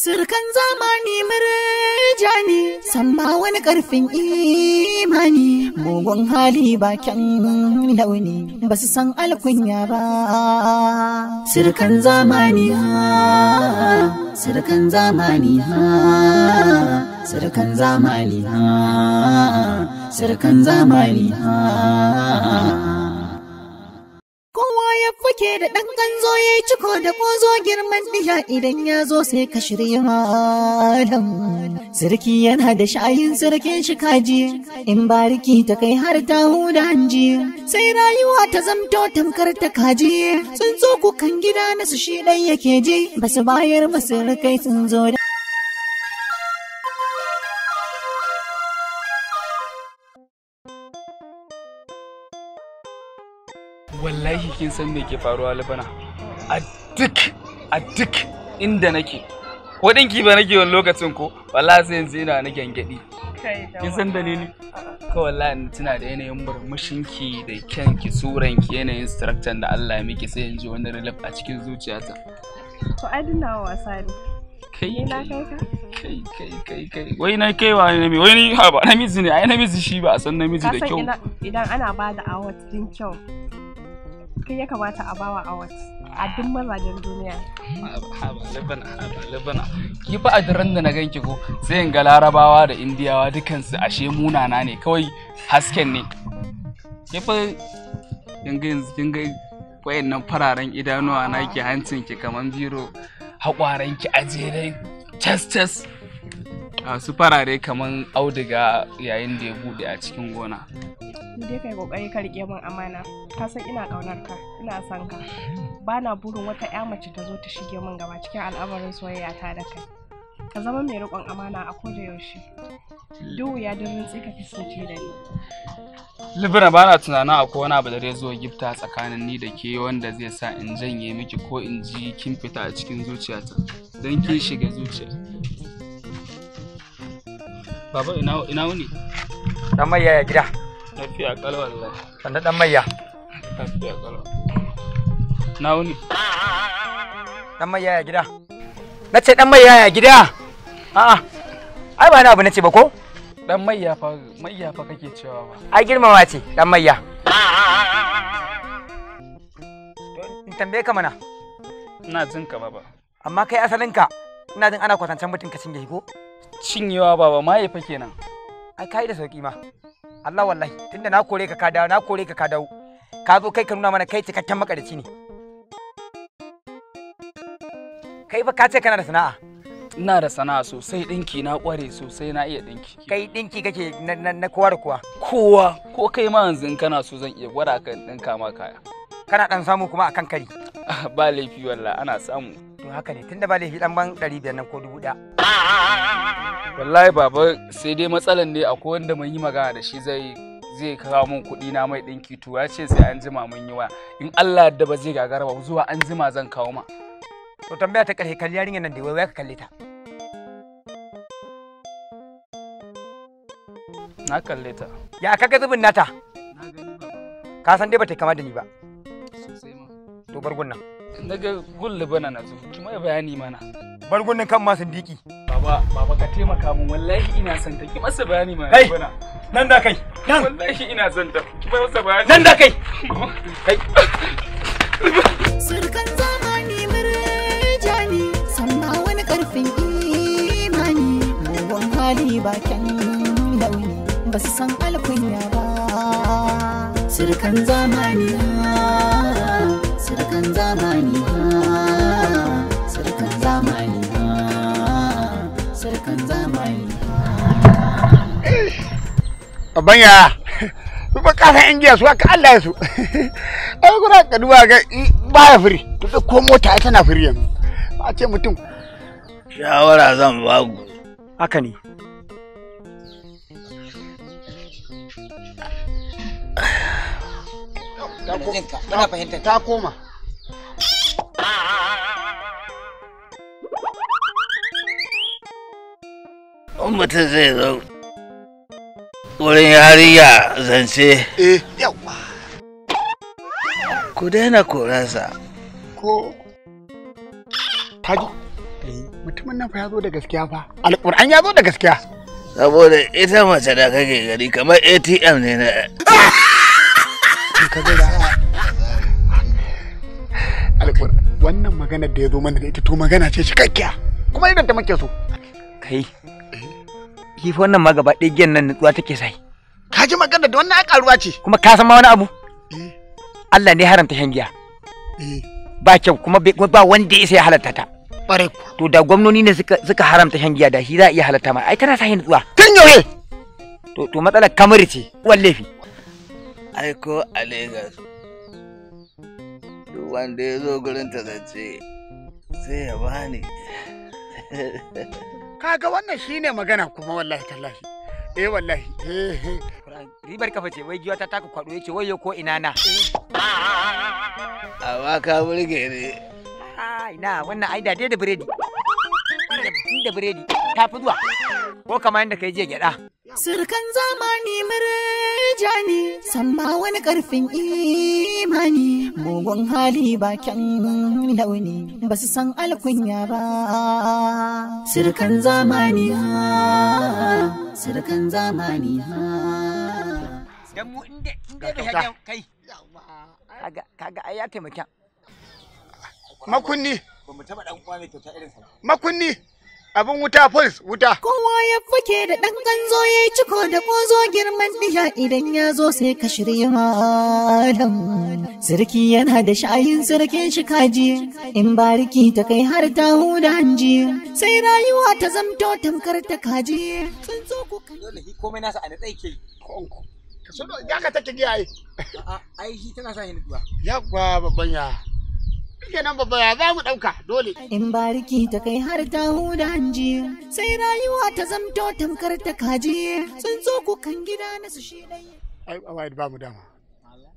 Surkan zamani murjani, ne, samma wani ƙarfin imani, mugun hali bakin launi, ba su san alkunya ba. Surkan zamani ha, surkan zamani ha, surkan zamani ha, surkan zamani ha. ya fuke da ɗan ganzo ya yi ciko da ƙozo girman diya idan ya zo sai ka shirya malam. Sarki yana da sha'ayin sarkin shi kaji, in bariki ta kai har ta huda hanji, sai rayuwa ta zamto tamkar ta kaji, sun zo kukan gida na su shi ɗan yake ji, su bayar ba su rikai sun zo da. kin san me ke faruwa Libana. A duk, a duk inda nake. Ko ɗinki ba nake wani lokacin ko, wala sai yanzu ina na gangadi Kin san dalili? ko wallahi in tuna da yanayin ki da suran ki yanayin structure da Allah ya miki sai yanzu ji wani relief a cikin zuciyata. To ai dina wasa ne. Kai na kai ka? Kai kai kai kai. Wai na kai wa ne wai ni ha ba namiji ne ai namiji shi ba a san namiji da kyau. idan ana ba da awat din kyau. kai ya kamata a bawa awat a duk mazajen duniya haba labana haba ki fa daren da na ganki ko sai in ga larabawa da indiyawa dukansu ashe munana ne kawai hasken ne ki fa dinga ga yanzu kin ga nan fararen idanuwa naki hancin ki kamar biro haƙwaren ki ajere tas tas su farare kaman auduga yayin da ya bude a cikin gona to dai kai kokari ka rike min amana ka san ina kaunar ka ina son ka Ba na burin wata ƴa mace ta zo ta shige min gaba cikin al'amarin soyayya ta da kai ka zama mai riƙon amana a koda yaushe duk ya dirin ka kasance da ni libra ba na tunanin akwai wani abu da zai zo gifta tsakanin ni da ke wanda zai sa in janye miki ko in ji kin fita a cikin zuciyata don kin shiga zuciya baba ina wuni dan mai yaya gida Lafiya kalwa wallahi. Sanda dan mayya. Lafiya kalwa. Na wuni. Dan mayya ya gida. Na ce dan mayya ya gida. A'a. Ai ba na abu na ce ba ko? Dan mayya fa mayya fa kake cewa ba. Ai girmama ce dan mayya. In tambaye ka mana. Ina jin ka baba. Amma kai asalin ka ina jin ana kwatancen mutum ka cinye ko? Cinyewa baba mahaifa kenan. Ai kai da sauki ma. Allah wallahi tunda na kore ka ka dawo na kore ka ka dawo ka zo kai ka nuna mana kai cikakken makarici ne kai fa ka ce kana da sana'a ina da sana'a sosai dinki na kware sosai na iya dinki kai dinki kake na kowa da kowa kowa ko kai ma yanzu in kana so zan iya gwada kan dinka ma kaya kana dan samu kuma akan kari ah, ba laifi wallahi ana samu to haka ne tunda ba laifi dan ban 500 nan ko 1000 wallahi baba sai dai matsalan ne akwai wanda mun yi magana da shi zai zai kawo mun kuɗi na mai ɗinki to ya ce sai an jima mun yi wa in Allah yadda ba zai gagara ba zuwa an jima zan kawo ma to tambaya ta ƙarshe kalli yarinyar nan da wai ka kalle ta na kalle ta ya kaga zubin nata ka san dai ba ta kama da ni ba sosai ma to bargun nan daga ga gulli bana na zuwa kuma bayani mana bargun nan kan ma diki. Baba, baba ka taimaka min wallahi ina son ta ki masa bayani ma. Kai. Nan da kai. Nan. Wallahi ina son ta. Ki masa bayani. Nan da kai. Kai. Sirkan zamani murjani sanna wani karfin imani mugun hali bakin launi ba su san alkunya ba. Sirkan zamani sirkan zamani Babban ya ba ka san su aka Allah ya su. Ai kuna ka ga baya firi. ko mota ai tana firi yanzu. Ba ce mutum shawara zan ba ku. Haka ne. Ta koma. mutum zai zo wurin yariya zance eh yawa ku daina koransa ko kaji eh, mutumin nan fa ya zo da gaskiya fa alƙur'an ya zo da gaskiya saboda ita mace da kake gari kamar atm ne na wannan magana da ya zo mana da ita to magana ce cikakkiya kuma idan ta muke so kai kifi wannan ma gaba ɗaya giyan nan nutsuwa take sai ka ji magana da wannan karuwa ce kuma ka san ma wani abu eh. Allah ne haramta shan giya eh. ba kyau kuma ba wanda ya sai halatta ta to da gwamnoni ne suka haramta shan giya da shi za a iya halatta ma ai tana sa nutsuwa tun yauye to to matsalar kamar ce wallafi. laifi ai ko a Lagos duk wanda ya zo gurin ta zace sai ya bani kaga wannan shine magana kuma wallahi tallahi eh wallahi eh, eh. ribar kafa ce wai giwa ta taka kwado yace wayo ko ina na ah, amma ka burge ne ah, ina wannan ai da da biredi da biredi ta fi zuwa ko kamar yadda kai je gyada Surkan zamani murjani, ne, samma wani ƙarfin imani, mugun hali bakin launi, ba su san alkunya ba. Surkan zamani ha, surkan zamani ha. Dan mu inda inda bai hagen kai. Kaga kaga ai ya taimaka. Makunni. Ba mu taba dan uwa mai irin sa. Makunni. abin wuta fals wuta. Kowa ya fuke da ɗan ganzo ya yi ciko da ƙozo girman diya idan ya zo sai ka shirya malam. Sarki yana da sha'ayin sarkin shi kaji, in bariki ta kai har ta huda hanji, sai rayuwa ta zamto tamkar ta kaji. Sun zo ku kan. Dole hi komai nasa a na tsaye ke so da ka take giyaye. ai hi tana sa ni duwa. Yabba babban ya. kenan babba ya za mu ɗauka dole. In bariki ta kai har ta huda hanji, sai rayuwa ta zamto tamkar ta kaji, sun zo kukan gida na su shi dai. Ai, awa ba mu dama.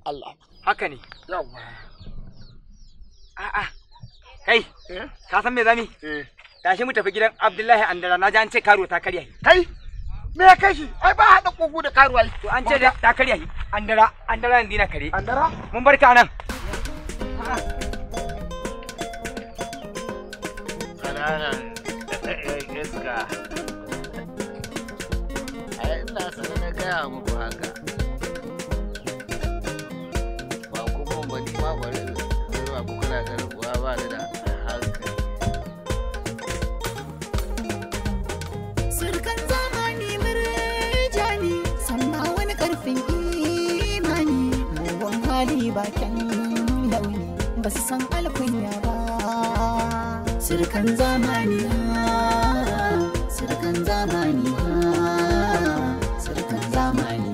Allah. Haka ne. Yawwa. A'a. Kai, eh? ka san me zami? Eh. Tashi mu tafi gidan Abdullahi Andara na ji an ce karo ta karya. Kai, me ya kai shi? Ai ba haɗa kogo da karuwa. To an ce ta karya. Andara, Andara yanzu na kare. Andara? Mun barka nan. Ah. yaron iska a ina na gaya muku haka ba kuma ba ma bari zuwa ba da hankali zamani sannan wani karfin imani bakin launi ba su san alkunya ba sirkan zamani sirkan zamani sirkan zamani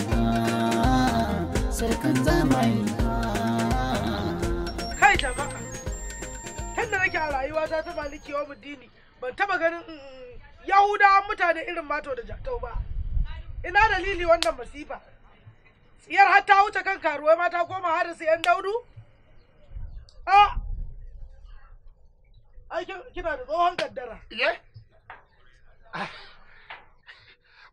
sirkan zamani kai jama'a tunda nake a rayuwa ta taba liki wa buddini ban taba ganin mm, mm, yahudawan mutane irin mato da jato ba ina dalili wannan masifa tsiyar har ta wuce kan karuwa mata koma har su yan daudu a ah! ai kina da tsohon kaddara ye ah.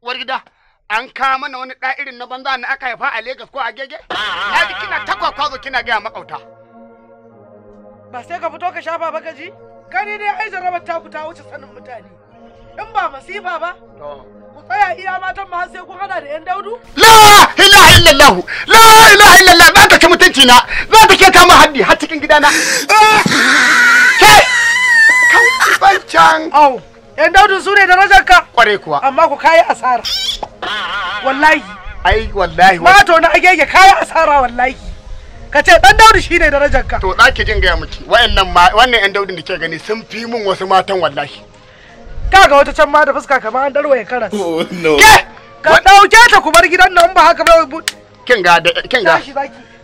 war gida an kama mana wani da'irin na banza na aka haifa a Legas ko a Gege? Na ji kina takwa kwazo kina gaya makauta. Ba sai ka fito ka shafa ba gaji? Kani dai ai jarabar ta ta wuce sanin mutane. In ba masifa ba? Ku tsaya iya matan ma sai ku hada da 'yan daudu? La ilaha illallah! La ilaha illallah! Za ta ke mutunci na! Za ta ke kama haddi har cikin gidana! Ah! bancan au yan daudu su ne darajar ka kware kuwa amma ku kayi asara wallahi ai wallahi ma na agege kayi asara wallahi ka ce dan daudu shine darajar ka to dake jin gaya miki wayannan ma wannan yan daudin da ke gani sun fi mun wasu matan wallahi kaga wata can ma da fuska kamar an darwaye karas oh, ke ka dauke ta ku bar gidan nan ba haka ba kin ga da kin ga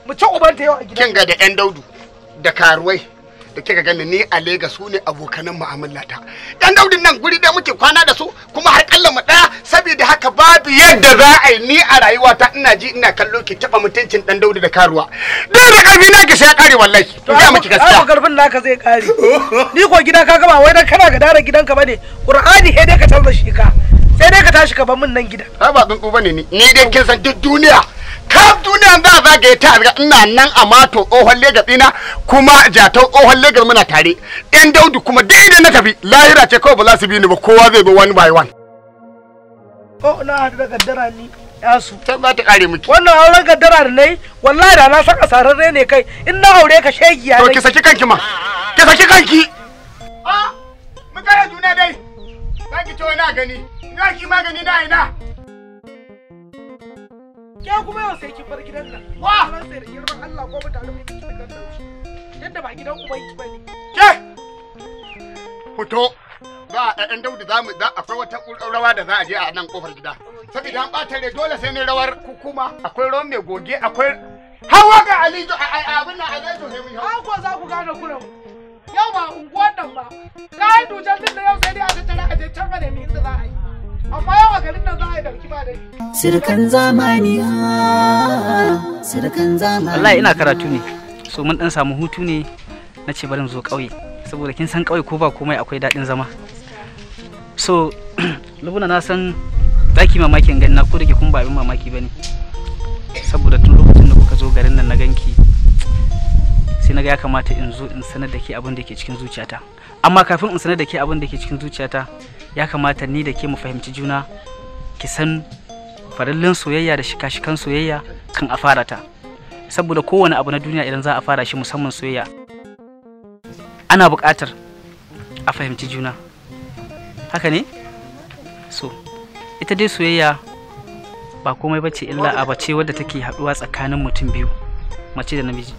mu ci ubanta yau a gidan kin ga da yan daudu da karuwai da kika gani ni a Legas su ne abokanan mu'amalata dan daudin nan guri da muke kwana da su kuma har kalla mu daya saboda haka babu yadda za a yi ni a rayuwata ina ji ina kallo ki taba mutuncin dan daudi da karuwa duk da karfi na ki sai kare wallahi to ga miki gaskiya ai karfin naka zai kare ni ko gida ka gaba wai dan kana ga dare ka bane qur'ani he dai ka canza shi ka sai dai ka tashi ka ba mun nan gida ba ba tsuntsu bane ni ni dai kin san duk duniya har duniyan da za ga ta ina nan a mato tsohon legas ɗina kuma jatan tsohon legas muna tare yan daudu kuma daidai na tafi lahira ce kawai ba za su bi ni ba kowa zai bi one by one. Oh, na haɗu da gaddara ni yasu ta za ta kare miki wannan auren gaddara da nayi wallahi da na san asararre ne kai in na aure ka shegi ya to ki saki kanki ma ki saki kanki ah mu kare juna dai ba ki to na gani na ki magani na ina ke kuma yau sai ki bar gidan nan wa ran sai girman Allah ko mu yadda ba gidan bane ke fito ba a ɗan daudu za mu akwai wata rawa da za a je a nan kofar gida saboda an ɓata rai dole sai ne rawar kuma. akwai ruwan mai goge akwai hawa ga alijo abin nan alijo sai mun hawa ko za ku gane kuran yau ba unguwar nan ba ka yi dujan din da yau sai dai a tattara a je can ba da mi za a yi amma yawa garin nan wallahi ina karatu ne so mun dan samu hutu ne na ce bari mu zo ƙauye saboda kin san ƙauye ko ba komai akwai daɗin zama so lubuna na san ɗaki mamakin gani na ko da ke kun ba abin mamaki ba ne saboda tun lokacin da kuka zo garin nan na ganki sai na ga ya kamata in zo in sanar da ke abin da ke cikin zuciyata amma kafin in sanar da ke abin da ke cikin zuciyata ya kamata ni da ke mu fahimci juna ki san farallin soyayya da shika-shikan soyayya kan a fara ta saboda kowane abu na duniya idan za a fara shi musamman soyayya ana buƙatar a fahimci juna haka ne so ita dai soyayya ba komai ba ce illa a bace wadda take haɗuwa tsakanin mutum biyu mace da namiji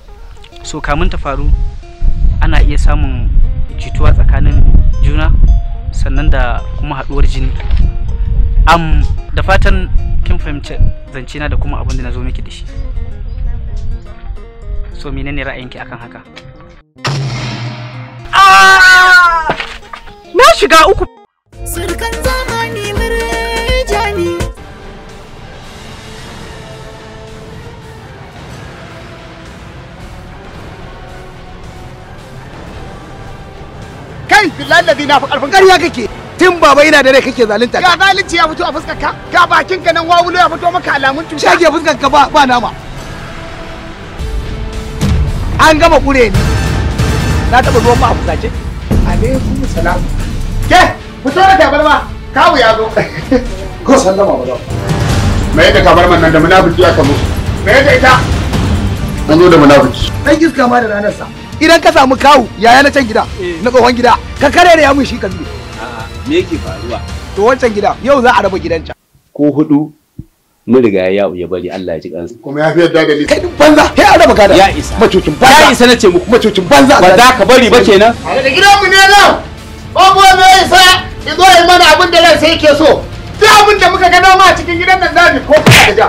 so kamun ta faru ana iya samun jituwa tsakanin juna sannan da kuma haɗuwar jini am da fatan kin fahimci zance na da kuma abin da na zo miki da shi so menene ra'ayinki akan haka ah! na shiga uku billahi na fi karfin ƙarya kake tun baba yana da rai kake zalunta ga zalunci ya fito a fuskar ka ga bakin ka nan wawulo ya fito maka alamun cuta shage fuskar ka ba ba nama an gama kure ni na taba ruwan ma a fusace alaikum salam ke fito da tabarma kawu ya zo ko sallama ba za me yadda tabarman nan da munafiki aka musu me yadda ita an zo da munafiki dan iska ma da ranar sa idan ka samu kawu yaya na can gida eh. na tsohon gida ka kare da mun shi ka me yake faruwa to wancan gida yau za a raba gidan can ko hudu mun riga ya ya bari Allah ya ji kansa kuma ya fi yadda da ni kai banza sai a raba gada ya isa macocin banza ya isa nace muku macocin banza ba za ka bari ba kenan da gidan mu ne nan babu wanda ya isa ya zo ya mana abin da ran sai yake so duk abin da muka ga dama a cikin gidan nan zabi ko ka ja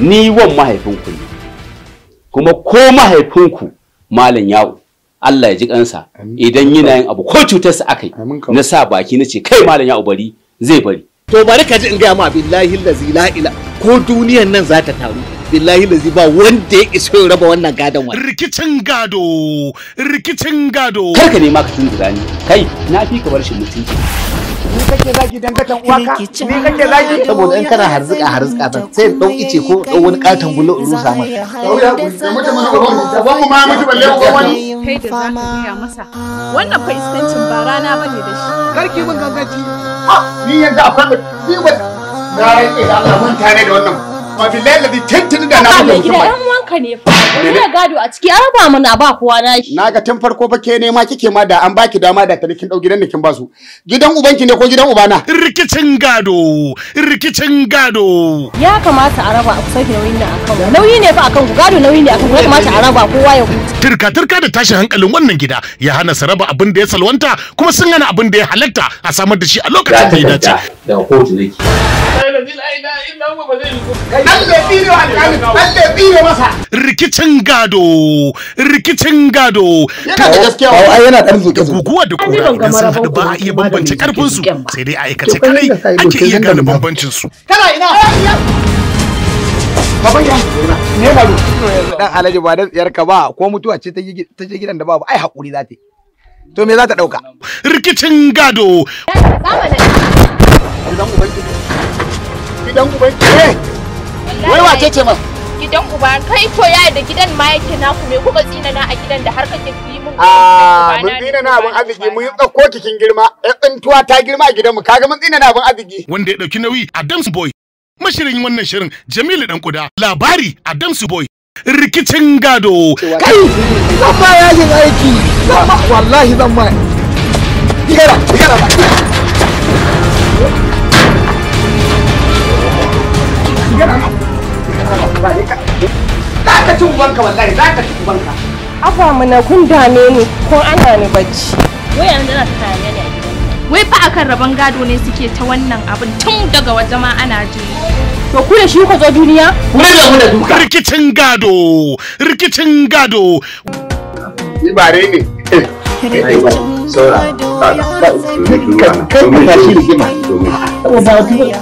ni wan mahaifinku ne kuma ko mahaifinku malam yawo Allah ya ji kansa idan yana yin abu ko cutarsa akai na sa baki na ce kai malam yawo bari zai bari to bari ka ji in gaya ma billahi lazi la ila ko duniyan nan za ta taru billahi lazi ba wanda ya iso ya raba wannan gadon wani rikicin gado rikicin gado ka nema ka tunzura ni kai na fi ka bar shi mutunci kake zagi dan gatan uwaka ni kake zagi saboda in kana harzuka harzuka ta sai dau ice ko dau wani katon bulo in rusa mai da mutum da ba mu ma mutu balle ko wani kai da zaka gaya masa wannan fa iskancin ba rana bane da shi karki mun gangaci ni yanzu a akwai ni ba na rike da Allah mun tare da wannan ma billahi da tantini da na mutu ka ne fa ina gado a ciki an ba mana ba kowa na shi naga tun farko ba ke nema kike ma da an baki dama da tare kin dau gidan da ba su, gidan ubanki ne ko gidan ubana rikicin gado rikicin gado ya kamata a raba a kusa ki nauyin nan akan nauyi ne fa akan ku gado nauyi ne akan ku ya kamata a raba kowa ya huta turka turka da tashin hankalin wannan gida ya hana su raba abin da ya salwanta kuma sun hana abin da ya halatta a samar da shi a lokacin da ya dace da kotu nake Rikicin gado, rikicin gado. Yana da Guguwa da kura idan ba a iya bambance karfinsu sai dai a aikace kadai ake iya gane bambancinsu. Kana ina. Dan Alhaji ba dan tsiyarka ba ko mutuwa ce ta je gidan da babu ai hakuri za ta To me za ta dauka? Rikicin gado. Zamanin. gidan uban ke eh, wai wace ce ma gidan uba kai to ya da gidan ma yake naku me kuka tsina na a gidan da har kake yi mun a ah, mun tsina na abin arziki mun tsakko kikin girma ɗan tuwa ta girma a gidan mu. kaga mun tsina na abin arziki wanda ya dauki nauyi Adams boy mashirin wannan shirin Jamilu dan kuda labari Adams boy rikicin gado kai zan ba yajin aiki wallahi zan ba igara igara Za ka ci ubanka wallahi za ka ci Afa mana kun dame ni ko ana ni bacci. Wai yanzu na ta ne a gidan. Wai fa akan rabon gado ne suke ta wannan abin tun daga waje ma ana jini. To ku da shi ku zo duniya? Wai da mu da duka. Rikicin gado, rikicin gado. Ni ba ne. Saura. ka shi rigima.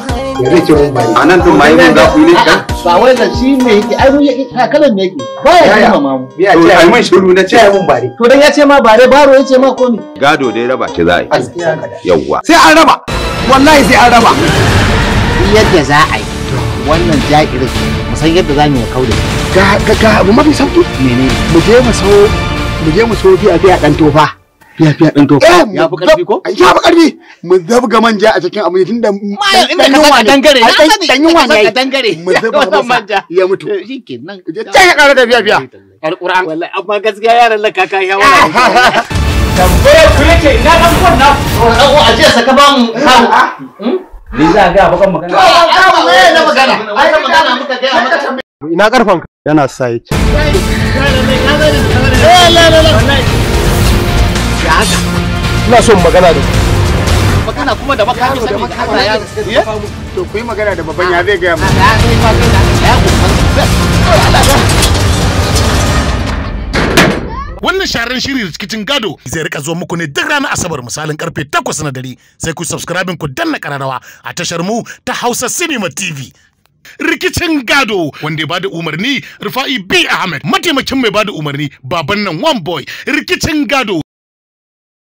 Ko me zai mun bari a nan tun ma yi mun gafu ne kan ba wai nan shi ne yake ai mun yi yake kalan ne yake ba ya yi mamu ya ce ai mun shiru na ce ai mun bari to dan ya ce ma bare baro ya ce ma komi gado dai raba ki za a yi yawwa sai an raba wallahi sai an raba yadda za a yi wannan jakirin musan yadda za mu kauda ga ga abu mafi sauki menene mu je mu so mu je mu so biya biya dan tofa fiya fiya ɗin tofa ya fi ƙarfi ko? ya fi ƙarfi mu zabga manja a cikin abu da ɗan yunwa ne ɗan yunwa ne ya yi mu zabga manja ya mutu shi ke ya ƙara da fiya fiya alƙur'an wallahi amma gaskiya yaran nan kaka ya wala tambayar ku yake ina ɗan kwan na a jiya saka ba mu ni za a gaya bakan magana to na magana ai magana muka gaya ina karfan yana sa ina son magana da magana kuma da makami saboda Allah ya to ku yi magana da baban ya zai ga mu wannan sharan shiri da cikin gado zai rika zo muku ne duk ranar asabar misalin karfe 8 na dare sai ku subscribe ku danna kararrawa a tashar mu ta Hausa Cinema TV rikicin gado wanda ya bada umarni rufa'i b ahmed mataimakin mai bada umarni baban nan one boy rikicin gado